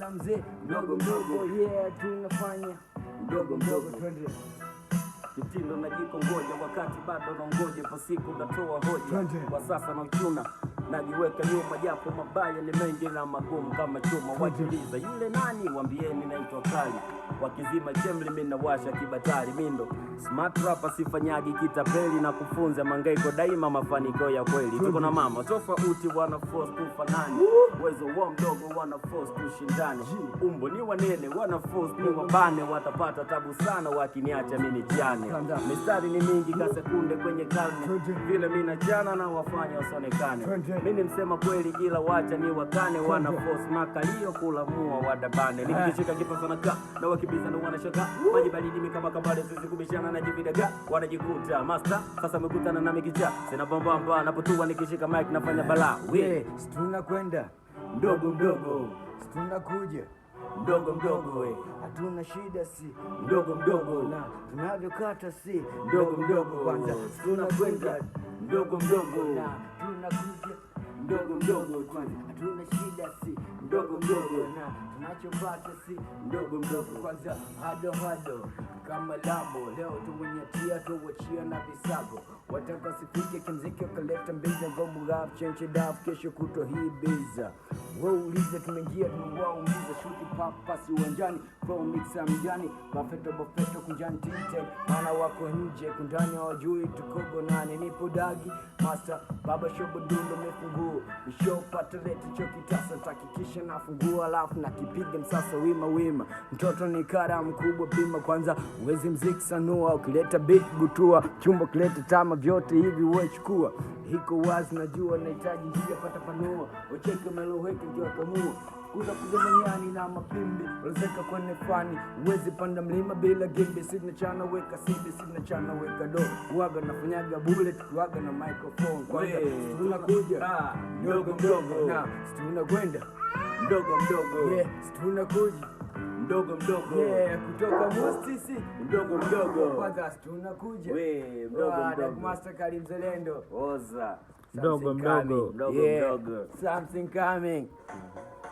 na mzee mdogo mdogo, yeah tunafanya mdogo mdogo, twende mtindo na jiko ngoja, wakati bado naongoje, pasipo natoa hoja kwa sasa na uchuna najiweka nyuma, japo mabaya ni mengi na magumu kama chuma. Wakiliza yule nani, wambieni naitwa Kali, wakizima chemli mimi nawasha kibatari. Mindo smart rap sifanyagi kitapeli na kufunza mangaiko daima, mafanikio ya kweli. Tuko na mama tofauti, wana force kufanani, uwezo wa mdogo wana force kushindani, umbo ni wanene wana force ni wabane, watapata tabu sana wakiniacha mimi nijiane. Mistari ni mingi kasekunde kwenye kalbu, vile mimi na jana na wafanya wasonekane mimi msema kweli, ila wacha ni wakane wana force makalio kulamua wadabane eh. nikishika kipa sana ka na wakibizana wanashaka maji baridi kama kabale sisi kubishana na jividaga wanajikuta master. Sasa umekutana na mikicha sina bambamba napotua nikishika mic nafanya bala eh, we situna kwenda mdogo mdogo kuja ndogo mdogo we, hatuna shida si ndogo mdogo, na tunavyokata si mdogo mdogo, kwanza tunakwenda ndogo mdogo, na tunakuja mdogo mdogo, kwani hatuna shida, si mdogo mdogo, na tunachopata si mdogo mdogo. Kwanza hado hado kama labo leo tuwenyatia tuwachia na visago wataka sifike kimziki wakaleta mbiza rap chenche daf kesho kuto hii biza ulize tumeingia tumewaumiza shuti papasi uwanjani mixa mjani bafeto bafeto kunjani tite mana wako nje kundani hawajui tukogo nani nipo dagi master baba shobo dundo mefunguu yangu nishopata takikisha nafungua alafu nakipiga msasa wima wima mtoto ni kara mkubwa pima kwanza uwezi mziki sanua ukileta bit gutua chumba ukileta tama vyote hivi uwechukua hiko wazi najua nahitaji njia pata panua ucheke umeloweke nkiwakamua kuza kuza manyani na mapimbi rozeka kwenye fani uwezi panda mlima bila gimbi sidna chana weka sidi sidna chana weka do waga na funyaga bullet waga na microphone kwanza kuja ah, ndogo mdogo na tunakwenda mdogo mdogo yeah kuja mdogo mdogo yeah kutoka mustisi mdogo mdogo kwanza tunakuja we mdogo mdogo ah, master Karim Zelendo oza mdogo mdogo mdogo mdogo something coming